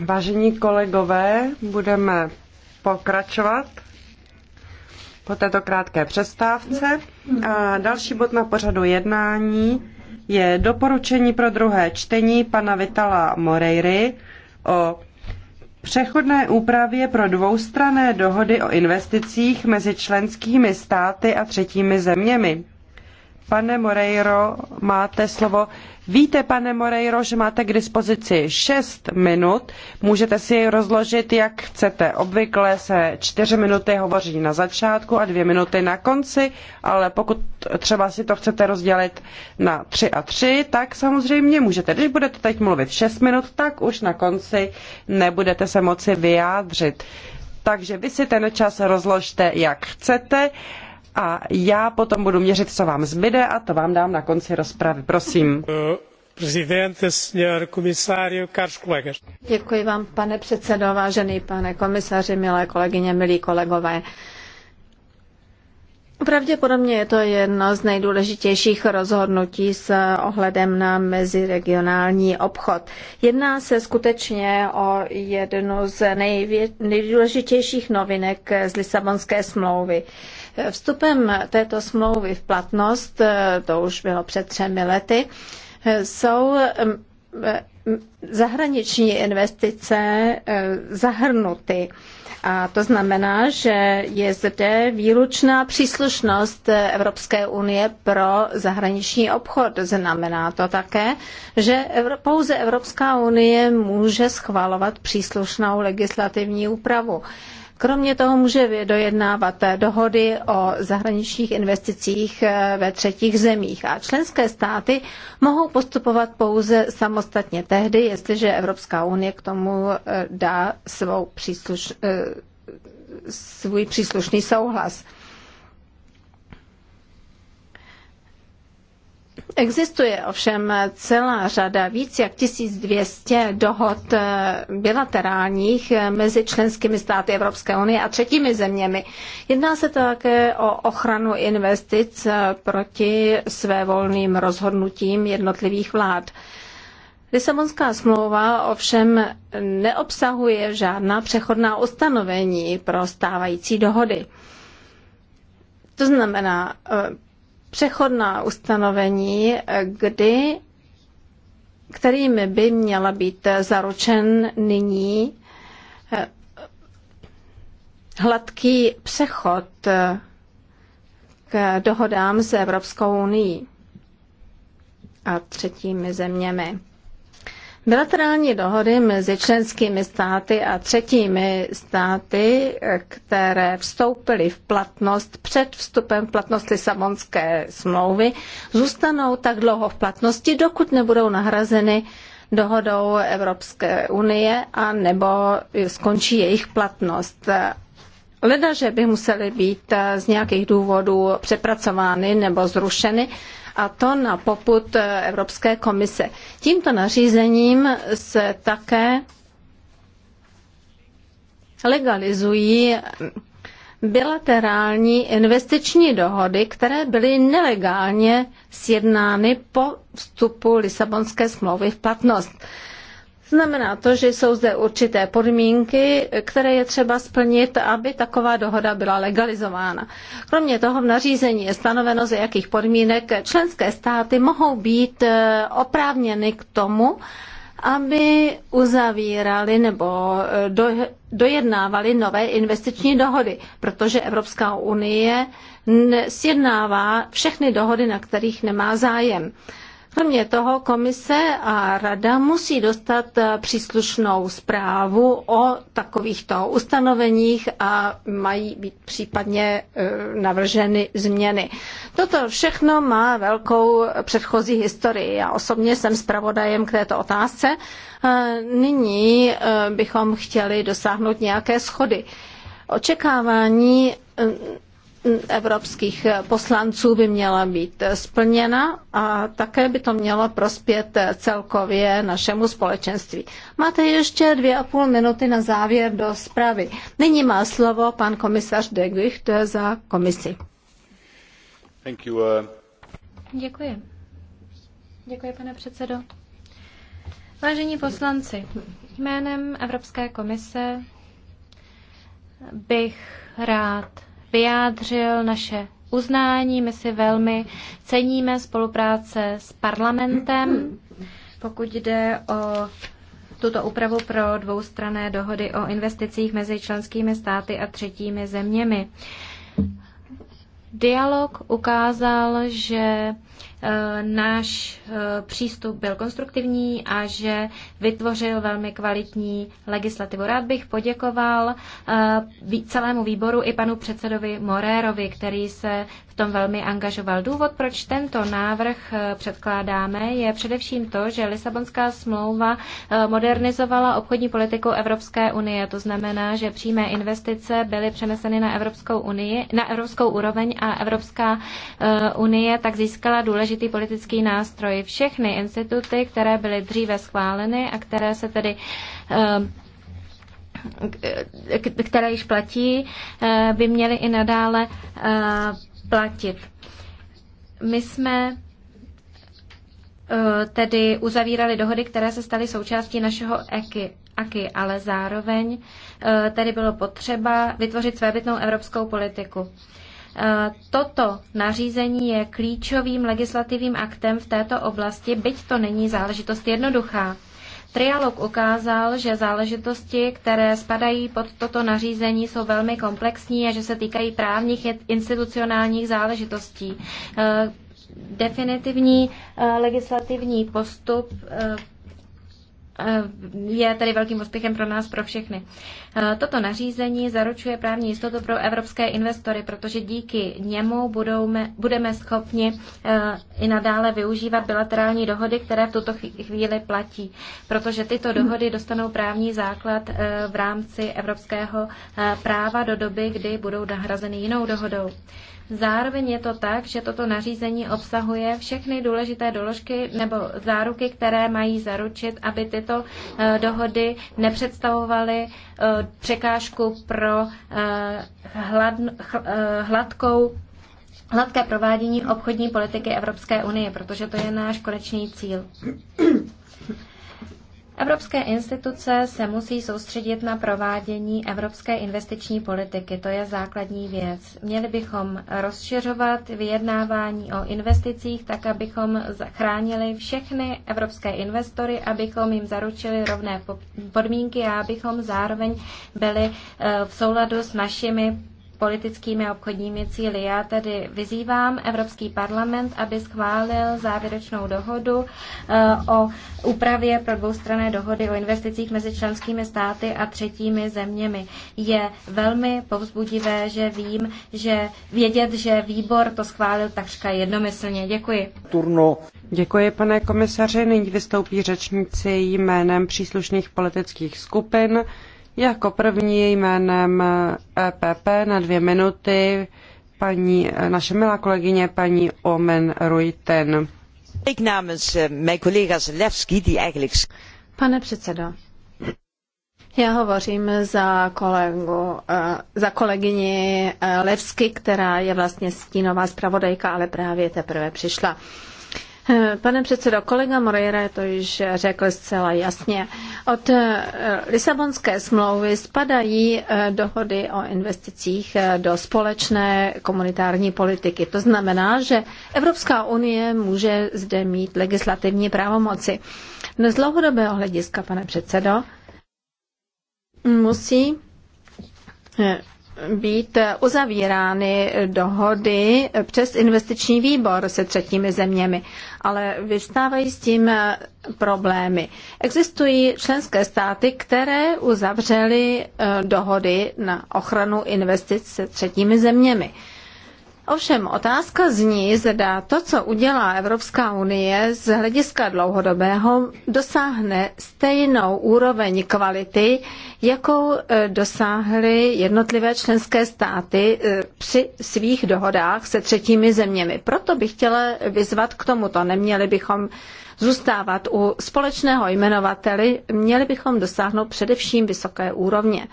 Vážení kolegové, budeme pokračovat po této krátké přestávce. A další bod na pořadu jednání je doporučení pro druhé čtení pana Vitala Moreiry o přechodné úpravě pro dvoustranné dohody o investicích mezi členskými státy a třetími zeměmi. Pane Moreiro, máte slovo. Víte, pane Moreiro, že máte k dispozici 6 minut. Můžete si je rozložit, jak chcete. Obvykle se 4 minuty hovoří na začátku a 2 minuty na konci, ale pokud třeba si to chcete rozdělit na 3 a 3, tak samozřejmě můžete. Když budete teď mluvit 6 minut, tak už na konci nebudete se moci vyjádřit. Takže vy si ten čas rozložte, jak chcete a já potom budu měřit, co vám zbyde a to vám dám na konci rozpravy. Prosím. Děkuji vám, pane předsedo, vážený pane komisaři, milé kolegyně, milí kolegové. Pravděpodobně je to jedno z nejdůležitějších rozhodnutí s ohledem na meziregionální obchod. Jedná se skutečně o jednu z nejdůležitějších novinek z Lisabonské smlouvy. Vstupem této smlouvy v platnost, eh, to už bylo před třemi lety, eh, jsou mm, eh, zahraniční investice zahrnuty. A to znamená, že je zde výlučná příslušnost Evropské unie pro zahraniční obchod. Znamená to také, že pouze Evropská unie může schvalovat příslušnou legislativní úpravu. Kromě toho může dojednávat eh, dohody o zahraničních investicích eh, ve třetích zemích a členské státy mohou postupovat pouze samostatně tehdy, jestliže Evropská unie k tomu eh, dá svou svůj příslušný souhlas. Existuje ovšem celá řada víc jak 1200 dohod eh, bilaterálních eh, mezi členskými státy Evropské unie a třetími zeměmi. Jedná se také o ochranu investic eh, proti svévolným rozhodnutím jednotlivých vlád. Lisabonská smlouva ovšem neobsahuje žádná přechodná ustanovení pro stávající dohody. To znamená, přechodná ustanovení, kdy, kterými by měla být zaručen nyní eh, hladký přechod eh, k dohodám s Evropskou unii a třetími zeměmi. Bilaterální dohody mezi členskými státy a třetími státy, které vstoupily v platnost před vstupem v platnost Lisabonské smlouvy, zůstanou tak dlouho v platnosti, dokud nebudou nahrazeny dohodou Evropské unie a nebo skončí jejich platnost. Leda, že by musely být z nějakých důvodů přepracovány nebo zrušeny, a to na poput eh, Evropské komise. Tímto nařízením se také legalizují bilaterální investiční dohody, které byly nelegálně sjednány po vstupu Lisabonské smlouvy v platnost. Znamená to, že jsou zde určité podmínky, které je třeba splnit, aby taková dohoda byla legalizována. Kromě toho v nařízení je stanoveno, ze jakých podmínek členské státy mohou být eh, oprávněny k tomu, aby uzavírali nebo eh, do, dojednávali nové investiční dohody, protože Evropská unie sjednává všechny dohody, na kterých nemá zájem. Kromě toho komise a rada musí dostat eh, příslušnou zprávu o takovýchto ustanoveních a mají být případně eh, navrženy změny. Toto všechno má velkou eh, předchozí historii. Já osobně jsem zpravodajem k této otázce. Nyní bychom chtěli dosáhnout nějaké schody. Očekávání evropských poslanců by měla být splněna a také by to mělo prospět celkově našemu společenství. Máte ještě dvě a půl minuty na závěr do zprávy. Nyní má slovo pan komisař de Gucht za komisi. Thank you, uh... Děkuji. Děkuji, pane předsedo. Vážení poslanci, jménem Evropské komise bych rád vyjádřil naše uznání. My si velmi ceníme spolupráce s parlamentem, pokud jde o tuto úpravu pro dvoustranné dohody o investicích mezi členskými státy a třetími zeměmi. Dialog ukázal, že Eh, náš eh, přístup byl konstruktivní a že vytvořil velmi kvalitní legislativu. Rád bych poděkoval eh, celému výboru i panu předsedovi Morérovi, který se v tom velmi angažoval. Důvod, proč tento návrh předkládáme, je především to, že Lisabonská smlouva modernizovala obchodní politiku Evropské unie. To znamená, že přímé investice byly přeneseny na Evropskou unii, na evropskou úroveň a Evropská unie tak získala důležitost důležitý politický nástroj. Všechny instituty, které byly dříve schváleny a které se tedy eh, které již platí, eh, by měly i nadále eh, platit. My jsme tedy uzavírali dohody, které se staly součástí našeho EKI, AKI, ale zároveň tedy bylo potřeba vytvořit svébytnou evropskou politiku. Eh, toto nařízení je klíčovým legislativním aktem v této oblasti, byť to není záležitost jednoduchá. Trialog ukázal, že záležitosti, které spadají pod toto nařízení, jsou velmi komplexní a že se týkají právních institucionálních záležitostí. Eh, definitivní eh, legislativní postup Eh, je tedy velkým úspěchem pro nás, pro všechny. Eh, toto nařízení zaručuje právní jistotu pro evropské investory, protože díky němu budeme schopni eh, i nadále využívat bilaterální dohody, které v tuto chvíli platí, protože tyto dohody dostanou právní základ v rámci evropského práva do doby, kdy budou nahrazeny jinou dohodou. Zároveň je to tak, že toto nařízení obsahuje všechny důležité doložky nebo záruky, které mají zaručit, aby tyto eh, dohody nepředstavovaly eh, překážku pro eh, hladkou hladké provádění obchodní politiky Evropské unie, protože to je náš konečný cíl. Evropské instituce se musí soustředit na provádění evropské investiční politiky. To je základní věc. Měli bychom rozšiřovat vyjednávání o investicích tak, abychom chránili všechny evropské investory, abychom jim zaručili rovné podmínky a abychom zároveň byli eh, v souladu s našimi politickými a obchodními cíly. Já tedy vyzývám Evropský parlament, aby schválil závěrečnou dohodu eh, o úpravě pro dvoustranné dohody o investicích mezi členskými státy a třetími zeměmi. Je velmi povzbudivé, že vím, že vědět, že výbor to schválil takřka jednomyslně. Děkuji. Turno. Děkuji, pane komisaři. Nyní vystoupí řečníci jménem příslušných politických skupin. Jako první jménem EPP na dvě minuty paní, naše milá kolegyně paní Omen Ruiten. Eh, Pane předsedo, já hovořím za, kolegu, eh, za kolegyni eh, Levsky, která je vlastně stínová zpravodajka, ale právě teprve přišla. Eh, pane předsedo, kolega Moreira to již řekl zcela jasně. Od eh, Lisabonské smlouvy spadají eh, dohody o investicích do společné komunitární politiky. To znamená, že Evropská unie může zde mít legislativní právomoci. No, z dlouhodobého hlediska, pane předsedo, musí být uzavírány dohody přes investiční výbor se třetími zeměmi, ale vystávají s tím problémy. Existují členské státy, které uzavřely eh, dohody na ochranu investic se třetími zeměmi. Ovšem otázka zní, zda to, co udělá Evropská unie z hlediska dlouhodobého, dosáhne stejnou úroveň kvality, jakou e, dosáhly jednotlivé členské státy e, při svých dohodách se třetími zeměmi. Proto bych chtěla vyzvat k tomuto. Neměli bychom zůstávat u společného jmenovateli, měli bychom dosáhnout především vysoké úrovně.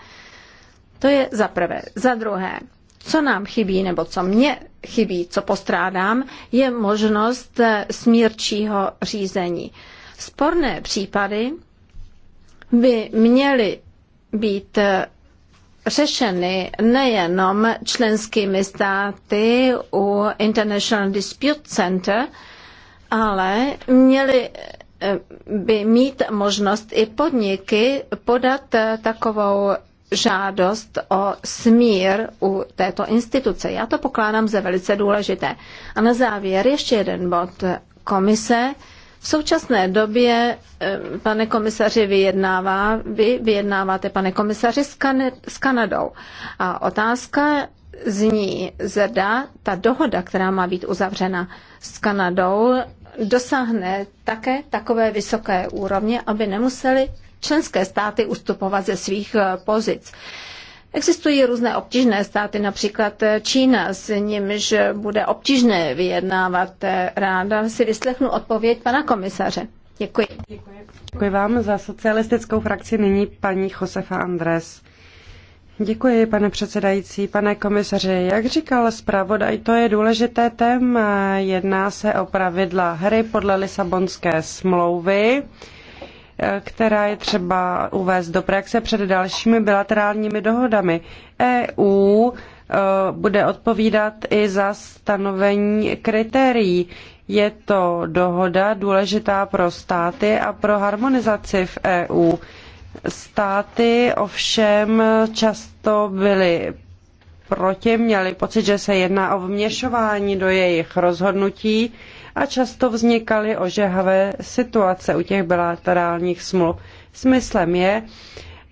To je za prvé. Za druhé, co nám chybí, nebo co mně chybí, co postrádám, je možnost eh, smírčího řízení. Sporné případy by měly být eh, řešeny nejenom členskými státy u International Dispute Center, ale měly eh, by mít možnost i podniky podat takovou žádost o smír u této instituce. Já to pokládám za velice důležité. A na závěr ještě jeden bod. Komise v současné době, eh, pane komisaři, vyjednává, vy vyjednáváte, pane komisaři, s, kan- s Kanadou. A otázka zní, zda ta dohoda, která má být uzavřena s Kanadou, dosáhne také takové vysoké úrovně, aby nemuseli členské státy ustupovat ze svých eh, pozic. Existují různé obtížné státy, například eh, Čína, s nímž bude obtížné vyjednávat. Eh, ráda si vyslechnu odpověď pana komisaře. Děkuji. Děkuji, Děkuji vám za socialistickou frakci. Nyní paní Josefa Andres. Děkuji, pane předsedající, pane komisaři. Jak říkal zpravodaj, to je důležité téma. Jedná se o pravidla hry podle Lisabonské smlouvy která je třeba uvést do praxe před dalšími bilaterálními dohodami. EU e, bude odpovídat i za stanovení kritérií. Je to dohoda důležitá pro státy a pro harmonizaci v EU. Státy ovšem často byly proti, měli pocit, že se jedná o vměšování do jejich rozhodnutí a často vznikaly ožehavé situace u těch bilaterálních smluv. Smyslem je,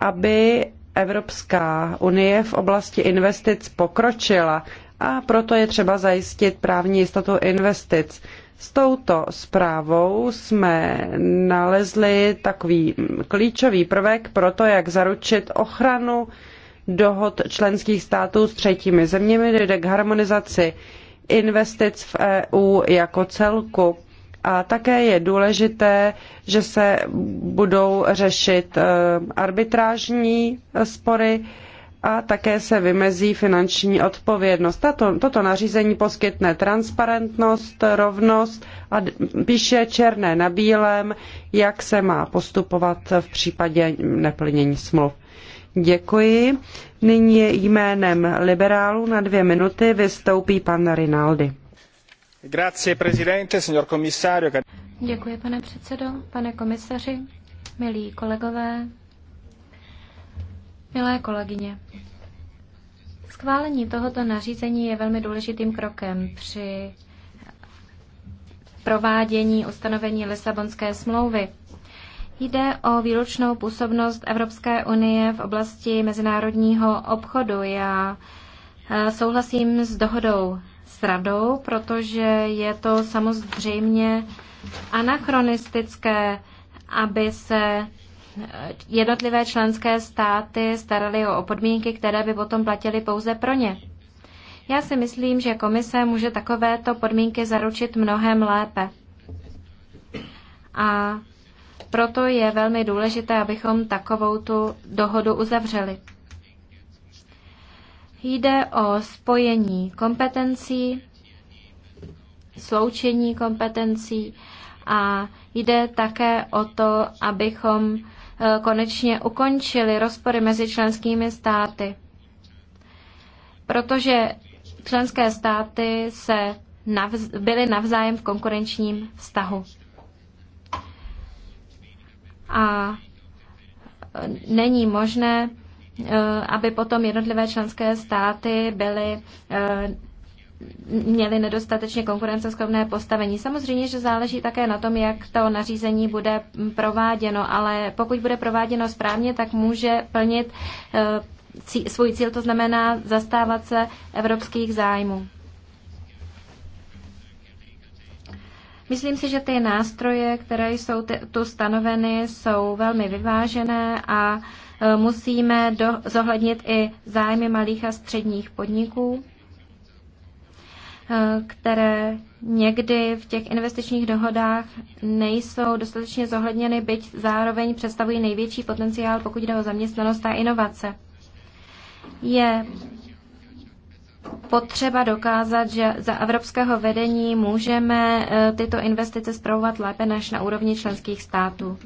aby Evropská unie v oblasti investic pokročila a proto je třeba zajistit právní jistotu investic. S touto zprávou jsme nalezli takový klíčový prvek pro to, jak zaručit ochranu dohod členských států s třetími zeměmi, dojde k harmonizaci investic v EU jako celku. A také je důležité, že se budou řešit e, arbitrážní spory a také se vymezí finanční odpovědnost. Tato, toto nařízení poskytne transparentnost, rovnost a píše černé na bílém, jak se má postupovat v případě neplnění smluv. Děkuji. Nyní jménem liberálů na dvě minuty vystoupí pan Rinaldi. Grazie, presidente, signor commissario. Děkuji, pane předsedo, pane komisaři, milí kolegové, milé kolegyně. Schválení tohoto nařízení je velmi důležitým krokem při provádění ustanovení Lisabonské smlouvy. Jde o výlučnou působnost Evropské unie v oblasti mezinárodního obchodu. Já eh, souhlasím s dohodou s radou, protože je to samozřejmě anachronistické, aby se eh, jednotlivé členské státy staraly o podmínky, které by potom platily pouze pro ně. Já si myslím, že komise může takovéto podmínky zaručit mnohem lépe. A proto je velmi důležité, abychom takovou tu dohodu uzavřeli. Jde o spojení kompetencí, sloučení kompetencí a jde také o to, abychom e, konečně ukončili rozpory mezi členskými státy. Protože členské státy se navz- byly navzájem v konkurenčním vztahu a e, není možné, e, aby potom jednotlivé členské státy byly e, měli nedostatečně konkurenceschopné postavení. Samozřejmě, že záleží také na tom, jak to nařízení bude prováděno, ale pokud bude prováděno správně, tak může plnit svůj cíl, to znamená zastávat se evropských zájmů. Myslím si, že ty nástroje, které jsou tu stanoveny, jsou velmi vyvážené a e, musíme do, zohlednit i zájmy malých a středních podniků, e, které někdy v těch investičních dohodách nejsou dostatečně zohledněny, byť zároveň představují největší potenciál, pokud jde o zaměstnanost a inovace. Je potřeba dokázat, že za evropského vedení můžeme e, tyto investice zpravovat lépe než na úrovni členských států.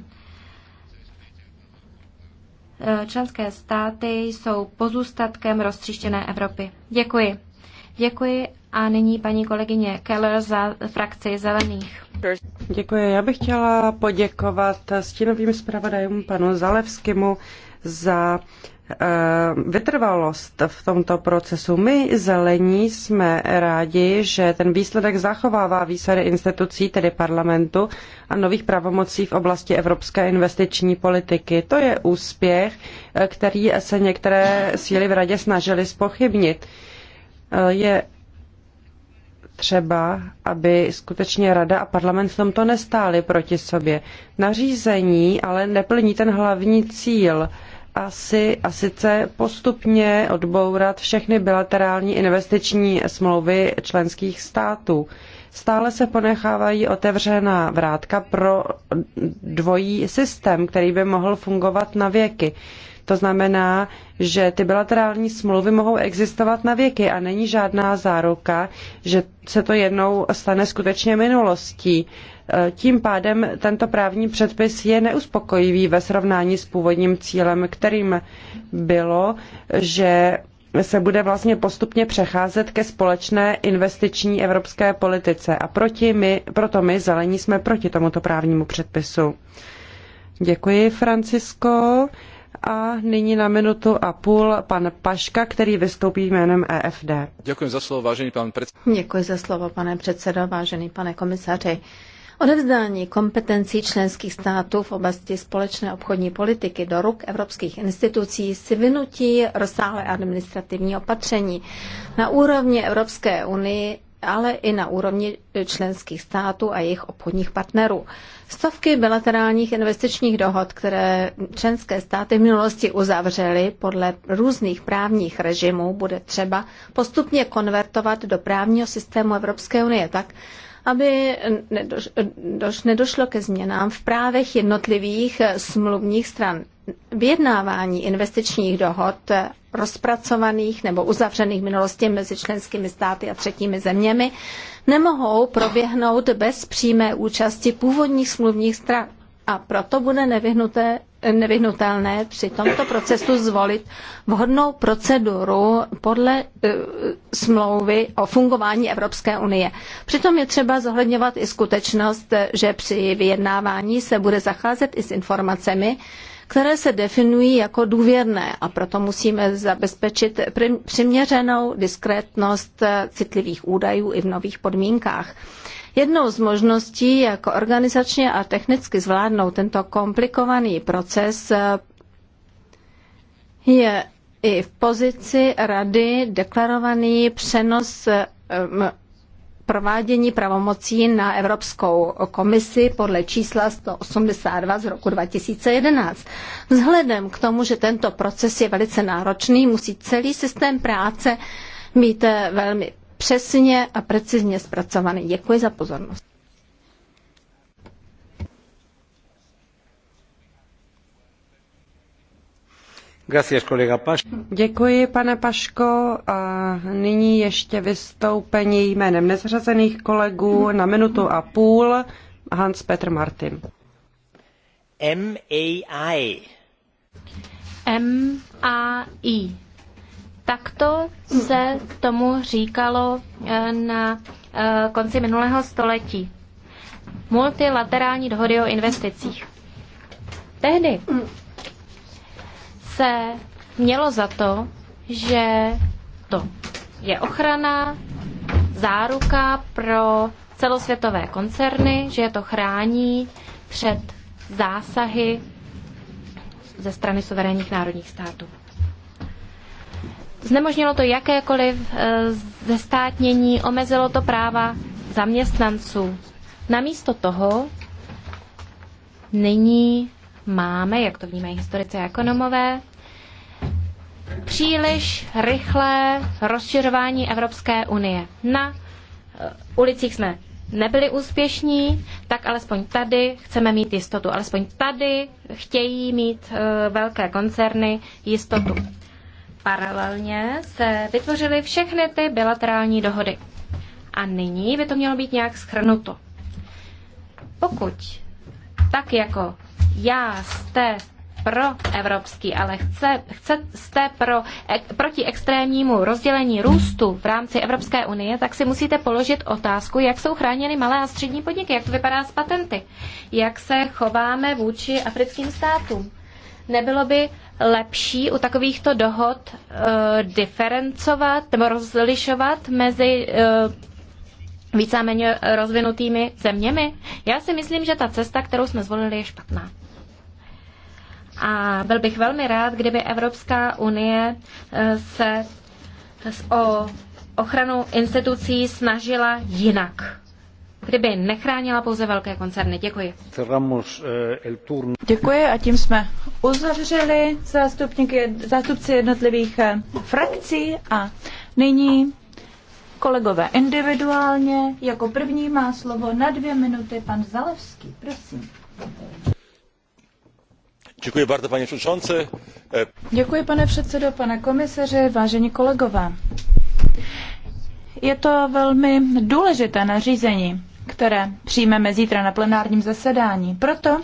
E, členské státy jsou pozůstatkem roztříštěné Evropy. Děkuji. Děkuji a nyní paní kolegyně Keller za frakci Zelených. Děkuji. Já bych chtěla poděkovat stínovým zpravodajům panu Zalevskému za Eh, vytrvalost v tomto procesu. My zelení jsme rádi, že ten výsledek zachovává výsady institucí, tedy parlamentu a nových pravomocí v oblasti evropské investiční politiky. To je úspěch, eh, který se některé síly v radě snažily spochybnit. Eh, je třeba, aby skutečně rada a parlament v tomto nestály proti sobě. Nařízení ale neplní ten hlavní cíl asi a sice postupně odbourat všechny bilaterální investiční smlouvy členských států. Stále se ponechávají otevřená vrátka pro dvojí systém, který by mohl fungovat na věky. To znamená, že ty bilaterální smlouvy mohou existovat na věky a není žádná záruka, že se to jednou stane skutečně minulostí. Eh, tím pádem tento právní předpis je neuspokojivý ve srovnání s původním cílem, kterým bylo, že se bude vlastně postupně přecházet ke společné investiční evropské politice a proti my, proto my zelení jsme proti tomuto právnímu předpisu. Děkuji, Francisko. A nyní na minutu a půl pan Paška, který vystoupí jménem EFD. Děkuji za slovo, vážený pan předsedo. Děkuji za slovo, pane předsedo, vážený pane komisaři. Odevzdání kompetencí členských států v oblasti společné obchodní politiky do ruk evropských institucí si vynutí rozsáhlé administrativní opatření. Na úrovni Evropské unie ale i na úrovni členských států a jejich obchodních partnerů. Stovky bilaterálních investičních dohod, které členské státy v minulosti uzavřely podle různých právních režimů, bude třeba postupně konvertovat do právního systému Evropské unie tak, aby nedošlo ke změnám v právech jednotlivých eh, smluvních stran. Vyjednávání investičních dohod eh, rozpracovaných nebo uzavřených v minulosti mezi členskými státy a třetími zeměmi nemohou proběhnout bez přímé účasti původních smluvních stran a proto bude nevyhnuté, nevyhnutelné při tomto procesu zvolit vhodnou proceduru podle e, smlouvy o fungování Evropské unie. Přitom je třeba zohledňovat i skutečnost, že při vyjednávání se bude zacházet i s informacemi, které se definují jako důvěrné a proto musíme zabezpečit přiměřenou diskrétnost citlivých údajů i v nových podmínkách. Jednou z možností, jak organizačně a technicky zvládnout tento komplikovaný proces, eh, je i v pozici rady deklarovaný přenos eh, provádění pravomocí na Evropskou komisi podle čísla 182 z roku 2011. Vzhledem k tomu, že tento proces je velice náročný, musí celý systém práce mít eh, velmi přesně a precizně zpracovaný. Děkuji za pozornost. Děkuji, pane Paško. A nyní ještě vystoupení jménem nezřazených kolegů na minutu a půl. Hans Petr Martin. M M A I a I Takto se tomu říkalo eh, na eh, konci minulého století. Multilaterální dohody o investicích. Tehdy se mělo za to, že to je ochrana, záruka pro celosvětové koncerny, že je to chrání před zásahy ze strany suverénních národních států znemožnilo to jakékoliv eh, zestátnění, omezilo to práva zaměstnanců. Namísto toho nyní máme, jak to vnímají historici a ekonomové, příliš rychlé rozšiřování Evropské unie. Na eh, ulicích jsme nebyli úspěšní, tak alespoň tady chceme mít jistotu. Alespoň tady chtějí mít eh, velké koncerny jistotu paralelně se vytvořily všechny ty bilaterální dohody. A nyní by to mělo být nějak schrnuto. Pokud tak jako já jste pro evropský, ale chce, chce, jste pro, ek, proti extrémnímu rozdělení růstu v rámci Evropské unie, tak si musíte položit otázku, jak jsou chráněny malé a střední podniky, jak to vypadá s patenty, jak se chováme vůči africkým státům. Nebylo by lepší u takovýchto dohod uh, diferencovat nebo rozlišovat mezi uh, eh, více a méně rozvinutými zeměmi? Já si myslím, že ta cesta, kterou jsme zvolili, je špatná. A byl bych velmi rád, kdyby Evropská unie uh, se o ochranu institucí snažila jinak kdyby nechránila pouze velké koncerny. Děkuji. Eh, Děkuji a tím jsme uzavřeli zástupci jednotlivých eh, frakcí a nyní kolegové individuálně. Jako první má slovo na dvě minuty pan Zalevský. Prosím. Děkuji bardzo, pane předsedající. Eh, Děkuji, pane předsedo, pane komisaři, vážení kolegové. Je to velmi důležité nařízení které přijmeme zítra na plenárním zasedání. Proto,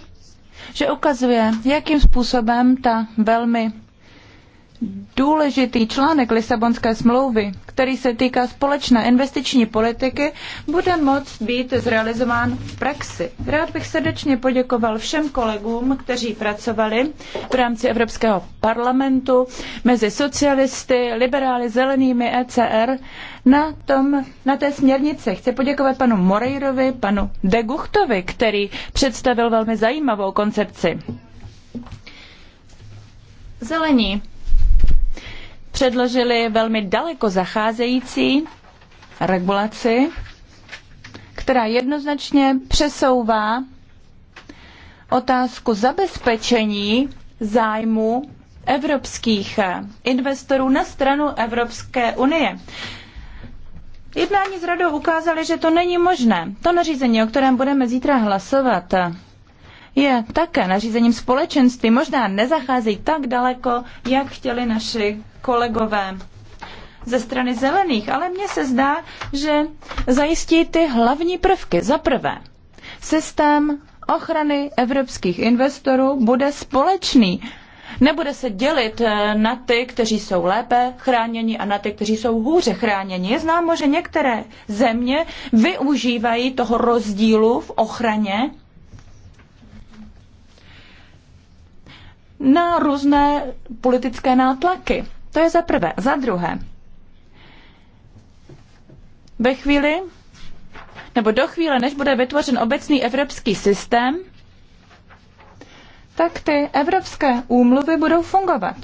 že ukazuje, jakým způsobem ta velmi důležitý článek Lisabonské smlouvy, který se týká společné investiční politiky, bude moct být zrealizován v praxi. Rád bych srdečně poděkoval všem kolegům, kteří pracovali v rámci Evropského parlamentu mezi socialisty, liberály, zelenými, ECR na, tom, na té směrnici. Chci poděkovat panu Moreirovi, panu Deguchtovi, který představil velmi zajímavou koncepci. Zelení předložili velmi daleko zacházející regulaci, která jednoznačně přesouvá otázku zabezpečení zájmu evropských investorů na stranu Evropské unie. Jednání s radou ukázaly, že to není možné. To nařízení, o kterém budeme zítra hlasovat, je také nařízením společenství. Možná nezacházejí tak daleko, jak chtěli naši kolegové ze strany zelených, ale mně se zdá, že zajistí ty hlavní prvky. Za prvé, systém ochrany evropských investorů bude společný. Nebude se dělit eh, na ty, kteří jsou lépe chráněni a na ty, kteří jsou hůře chráněni. Je známo, že některé země využívají toho rozdílu v ochraně na různé politické nátlaky. To je za prvé. Za druhé, ve chvíli, nebo do chvíle, než bude vytvořen obecný evropský systém, tak ty evropské úmluvy budou fungovat.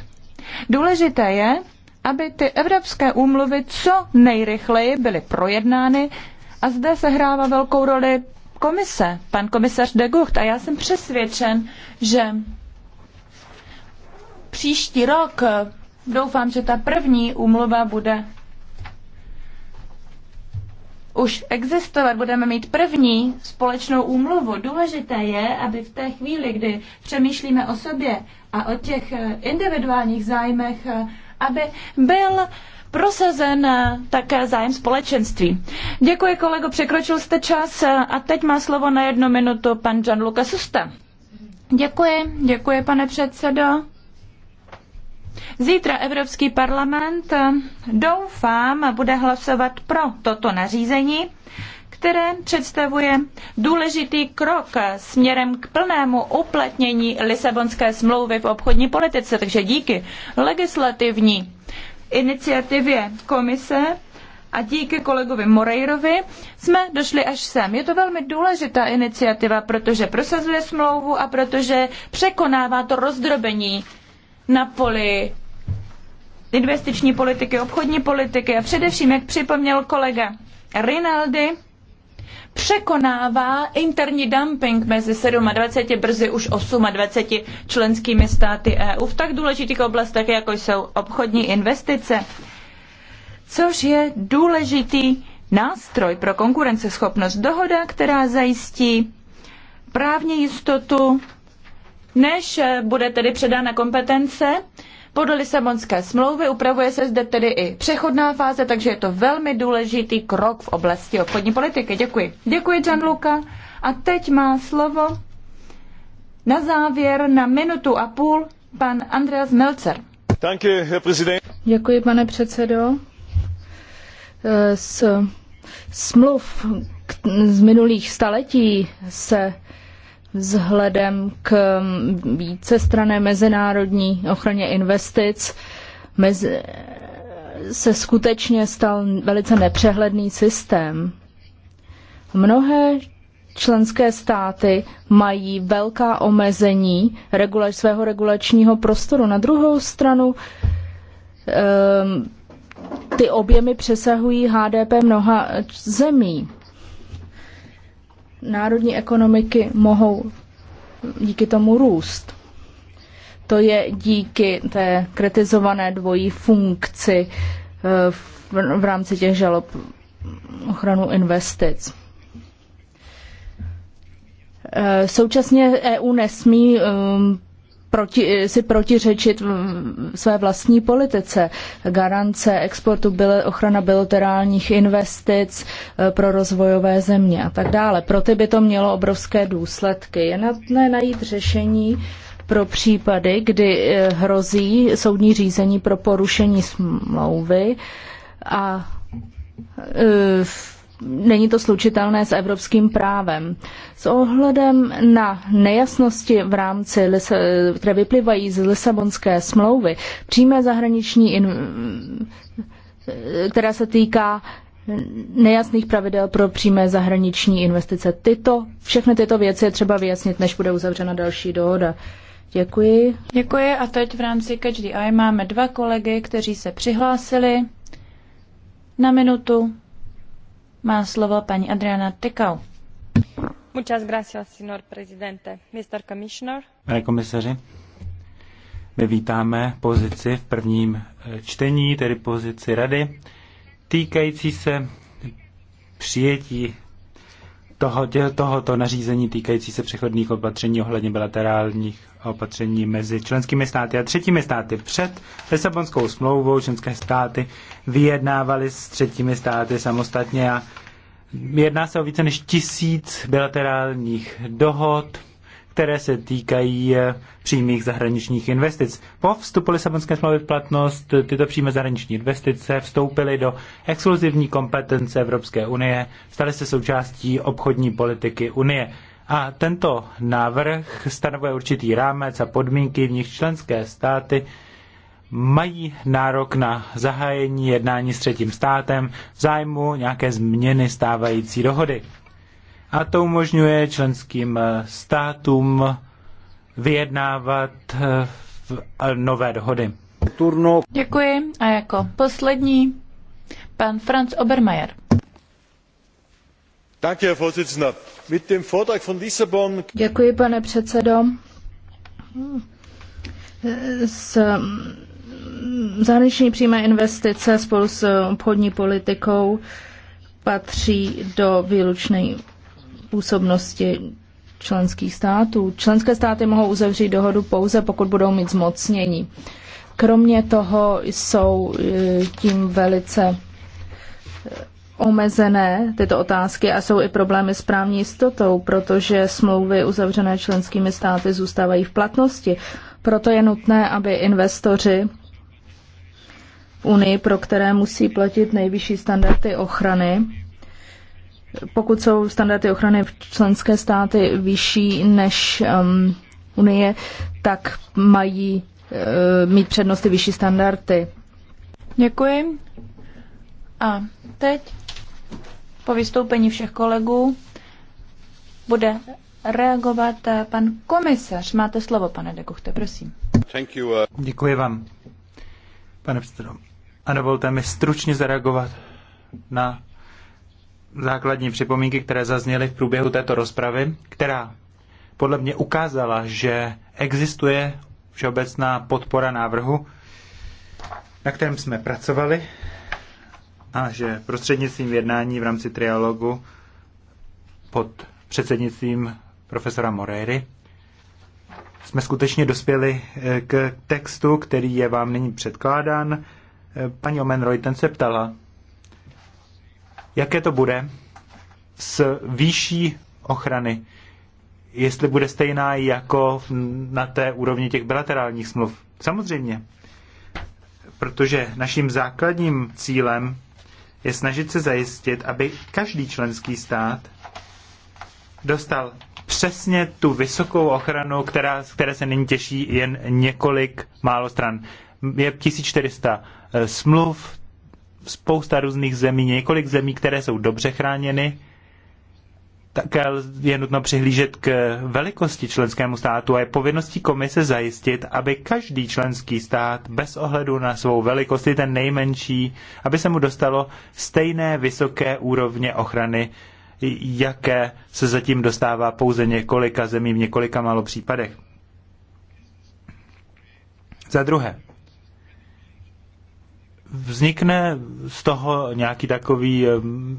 Důležité je, aby ty evropské úmluvy co nejrychleji byly projednány a zde se hrává velkou roli komise, pan komisař de Gucht. A já jsem přesvědčen, že příští rok. Doufám, že ta první úmluva bude už existovat, budeme mít první společnou úmluvu. Důležité je, aby v té chvíli, kdy přemýšlíme o sobě a o těch eh, individuálních zájmech, eh, aby byl prosazen eh, také zájem společenství. Děkuji, kolego, překročil jste čas a teď má slovo na jednu minutu pan Gianluca Susta. Děkuji, děkuji, pane předsedo. Zítra Evropský parlament eh, doufám bude hlasovat pro toto nařízení, které představuje důležitý krok eh, směrem k plnému uplatnění Lisabonské smlouvy v obchodní politice. Takže díky legislativní iniciativě komise a díky kolegovi Moreirovi jsme došli až sem. Je to velmi důležitá iniciativa, protože prosazuje smlouvu a protože překonává to rozdrobení na poli investiční politiky, obchodní politiky a především, jak připomněl kolega Rinaldi, překonává interní dumping mezi 27, brzy už 28 členskými státy EU v tak důležitých oblastech, jako jsou obchodní investice, což je důležitý nástroj pro konkurenceschopnost dohoda, která zajistí právní jistotu než eh, bude tedy předána kompetence podle Lisabonské smlouvy upravuje se zde tedy i přechodná fáze, takže je to velmi důležitý krok v oblasti obchodní politiky. Děkuji. Děkuji, Gianluca. A teď má slovo na závěr na minutu a půl pan Andreas Melzer. Děkuji, pane předsedo. Eh, s smluv z minulých staletí se vzhledem k mm, strané mezinárodní ochraně investic mezi, se skutečně stal velice nepřehledný systém. Mnohé členské státy mají velká omezení regulač, svého regulačního prostoru. Na druhou stranu um, ty objemy přesahují HDP mnoha zemí národní ekonomiky mohou díky tomu růst. To je díky té kritizované dvojí funkci eh, v rámci těch žalob ochranu investic. Eh, současně EU nesmí ehm, proti, si protiřečit své vlastní politice. Garance exportu, ochrana bilaterálních investic eh, pro rozvojové země a tak dále. Pro ty by to mělo obrovské důsledky. Je nutné najít řešení pro případy, kdy eh, hrozí soudní řízení pro porušení smlouvy a eh, není to slučitelné s evropským právem. S ohledem na nejasnosti v rámci, které vyplývají z Lisabonské smlouvy, přímé zahraniční, in, která se týká nejasných pravidel pro přímé zahraniční investice. Tyto, všechny tyto věci je třeba vyjasnit, než bude uzavřena další dohoda. Děkuji. Děkuji a teď v rámci Catch the Eye máme dva kolegy, kteří se přihlásili na minutu. Má slovo paní Adriana Tykau. Muchas gracias, señor presidente. Mr. Commissioner. Pane komisaři, my vítáme pozici v prvním eh, čtení, tedy pozici rady, týkající se přijetí toho tohoto nařízení týkající se přechodných opatření ohledně bilaterálních opatření mezi členskými státy a třetími státy. Před Lisabonskou smlouvou členské státy vyjednávaly s třetími státy samostatně a jedná se o více než tisíc bilaterálních dohod, které se týkají eh, přímých zahraničních investic. Po vstupu Lisabonské smlouvy v platnost tyto přímé zahraniční investice vstoupily do exkluzivní kompetence Evropské unie, staly se součástí obchodní politiky unie. A tento návrh stanovuje určitý rámec a podmínky, v nich členské státy mají nárok na zahájení jednání s třetím státem v zájmu nějaké změny stávající dohody a to umožňuje členským eh, státům vyjednávat eh, nové dohody. Děkuji a jako poslední pan Franz Obermeier. Děkuji, pane předsedo. S mm, zahraniční přímé investice spolu s obchodní politikou patří do výlučné působnosti členských států. Členské státy mohou uzavřít dohodu pouze, pokud budou mít zmocnění. Kromě toho jsou e, tím velice e, omezené tyto otázky a jsou i problémy s právní jistotou, protože smlouvy uzavřené členskými státy zůstávají v platnosti. Proto je nutné, aby investoři v Unii, pro které musí platit nejvyšší standardy ochrany, pokud jsou standardy ochrany v členské státy vyšší než um, Unie, tak mají uh, mít přednosti vyšší standardy. Děkuji. A teď po vystoupení všech kolegů bude reagovat eh, pan komisař. Máte slovo, pane Dekuchte, prosím. Uh, Děkuji vám, pane předsedo. A dovolte mi stručně zareagovat na základní připomínky, které zazněly v průběhu této rozpravy, která podle mě ukázala, že existuje všeobecná podpora návrhu, na kterém jsme pracovali a že prostřednictvím jednání v rámci trialogu pod předsednictvím profesora Morery jsme skutečně dospěli eh, k textu, který je vám nyní předkládán. Eh, paní Omen Reuten se ptala, jaké to bude s výší ochrany, jestli bude stejná jako na té úrovni těch bilaterálních smluv. Samozřejmě, protože naším základním cílem je snažit se zajistit, aby každý členský stát dostal přesně tu vysokou ochranu, která, které se nyní těší jen několik málo stran. Je 1400 eh, smluv, spousta různých zemí, několik zemí, které jsou dobře chráněny, také je nutno přihlížet k velikosti členskému státu a je povinností komise zajistit, aby každý členský stát bez ohledu na svou velikost, i ten nejmenší, aby se mu dostalo stejné vysoké úrovně ochrany, jaké se zatím dostává pouze několika zemí v několika málo případech. Za druhé, vznikne z toho nějaký takový eh,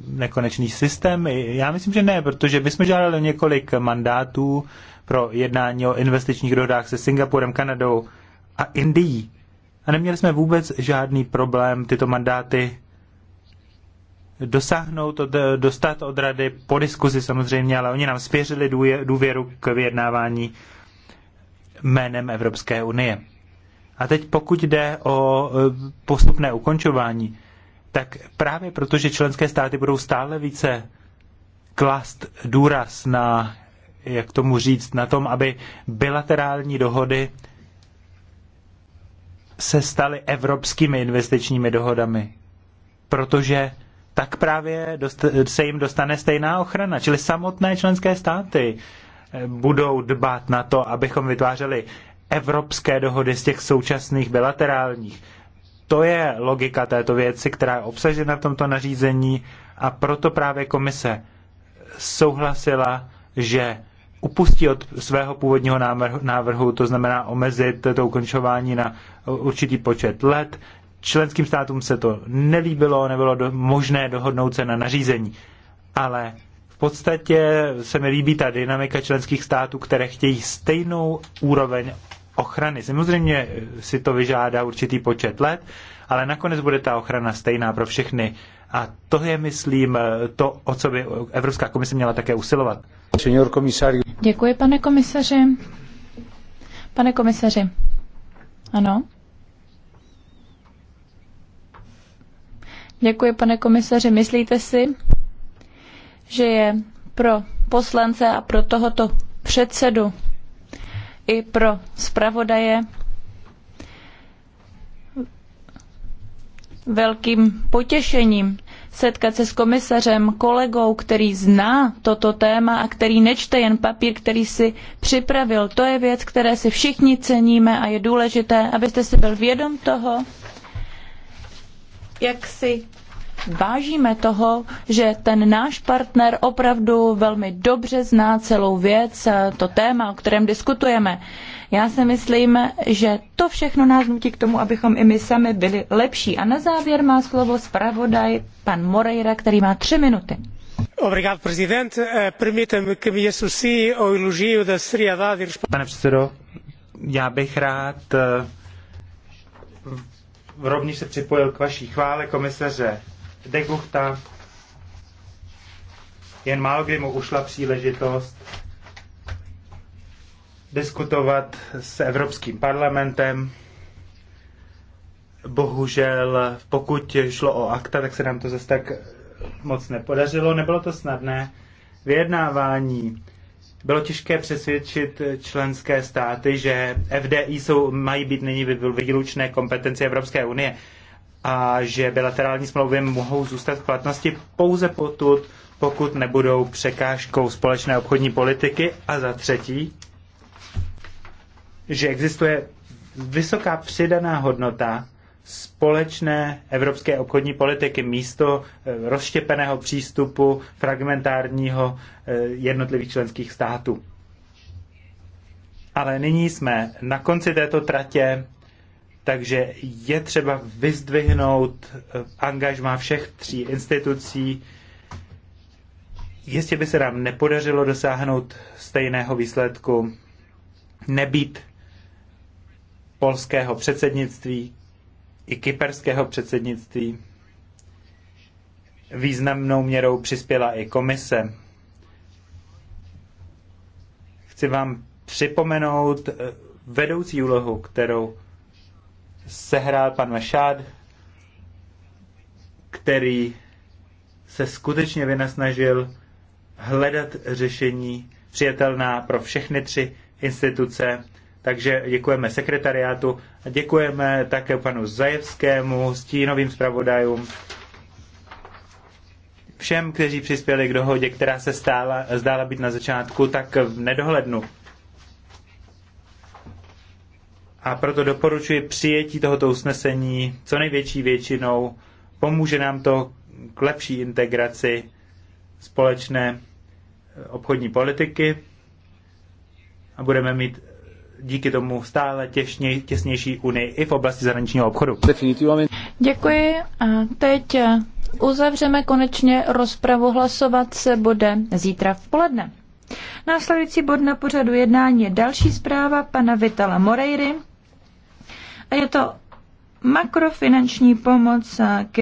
nekonečný systém? Já myslím, že ne, protože my jsme žádali několik mandátů pro jednání o investičních dohodách se Singapurem, Kanadou a Indií. A neměli jsme vůbec žádný problém tyto mandáty dosáhnout, od, dostat od rady po diskuzi samozřejmě, ale oni nám spěřili důvěru k vyjednávání jménem Evropské unie. A teď pokud jde o e, postupné ukončování, tak právě protože členské státy budou stále více klást důraz na, jak tomu říct, na tom, aby bilaterální dohody se staly evropskými investičními dohodami. Protože tak právě se jim dostane stejná ochrana. Čili samotné členské státy e, budou dbát na to, abychom vytvářeli evropské dohody z těch současných bilaterálních. To je logika této věci, která je obsažena v tomto nařízení a proto právě komise souhlasila, že upustí od svého původního návrhu, to znamená omezit to ukončování na určitý počet let. Členským státům se to nelíbilo, nebylo do, možné dohodnout se na nařízení. Ale v podstatě se mi líbí ta dynamika členských států, které chtějí stejnou úroveň ochrany. Samozřejmě si to vyžádá určitý počet let, ale nakonec bude ta ochrana stejná pro všechny. A to je, myslím, to, o co by Evropská komise měla také usilovat. Děkuji, pane komisaři. Pane komisaři. Ano. Děkuji, pane komisaři. Myslíte si, že je pro poslance a pro tohoto předsedu i pro zpravodaje velkým potěšením setkat se s komisařem, kolegou, který zná toto téma a který nečte jen papír, který si připravil. To je věc, které si všichni ceníme a je důležité, abyste si byl vědom toho, jak si vážíme toho, že ten náš partner opravdu velmi dobře zná celou věc, to téma, o kterém diskutujeme. Já si myslím, že to všechno nás nutí k tomu, abychom i my sami byli lepší. A na závěr má slovo zpravodaj pan Moreira, který má tři minuty. Obrigado, eh, que me associe ao elogio da seriedade e Pane předsedo, já bych rád eh, rovněž se připojil k vaší chvále komisaře de Guchta. Jen málo kdy mu ušla příležitost diskutovat s Evropským parlamentem. Bohužel, pokud šlo o akta, tak se nám to zase tak moc nepodařilo. Nebylo to snadné vyjednávání. Bylo těžké přesvědčit členské státy, že FDI jsou, mají být nyní výlučné kompetence Evropské unie a že bilaterální smlouvy mohou zůstat v platnosti pouze potud, pokud nebudou překážkou společné obchodní politiky. A za třetí, že existuje vysoká přidaná hodnota společné evropské obchodní politiky místo eh, rozštěpeného přístupu fragmentárního eh, jednotlivých členských států. Ale nyní jsme na konci této tratě takže je třeba vyzdvihnout eh, angažma všech tří institucí. Jestli by se nám nepodařilo dosáhnout stejného výsledku, nebýt polského předsednictví i kyperského předsednictví. Významnou měrou přispěla i komise. Chci vám připomenout eh, vedoucí úlohu, kterou sehrál pan Mašád, který se skutečně vynasnažil hledat řešení přijatelná pro všechny tři instituce. Takže děkujeme sekretariátu a děkujeme také panu Zajevskému, stínovým zpravodajům, všem, kteří přispěli k dohodě, která se stála, zdála být na začátku tak v nedohlednu a proto doporučuji přijetí tohoto usnesení co největší většinou. Pomůže nám to k lepší integraci společné eh, obchodní politiky a budeme mít díky tomu stále těsněj, těsnější unii i v oblasti zahraničního obchodu. Děkuji a teď eh, uzavřeme konečně rozpravu. Hlasovat se bude zítra v poledne. Následující bod na pořadu jednání je další zpráva pana Vitala Moreiry. Je to makrofinanční pomoc k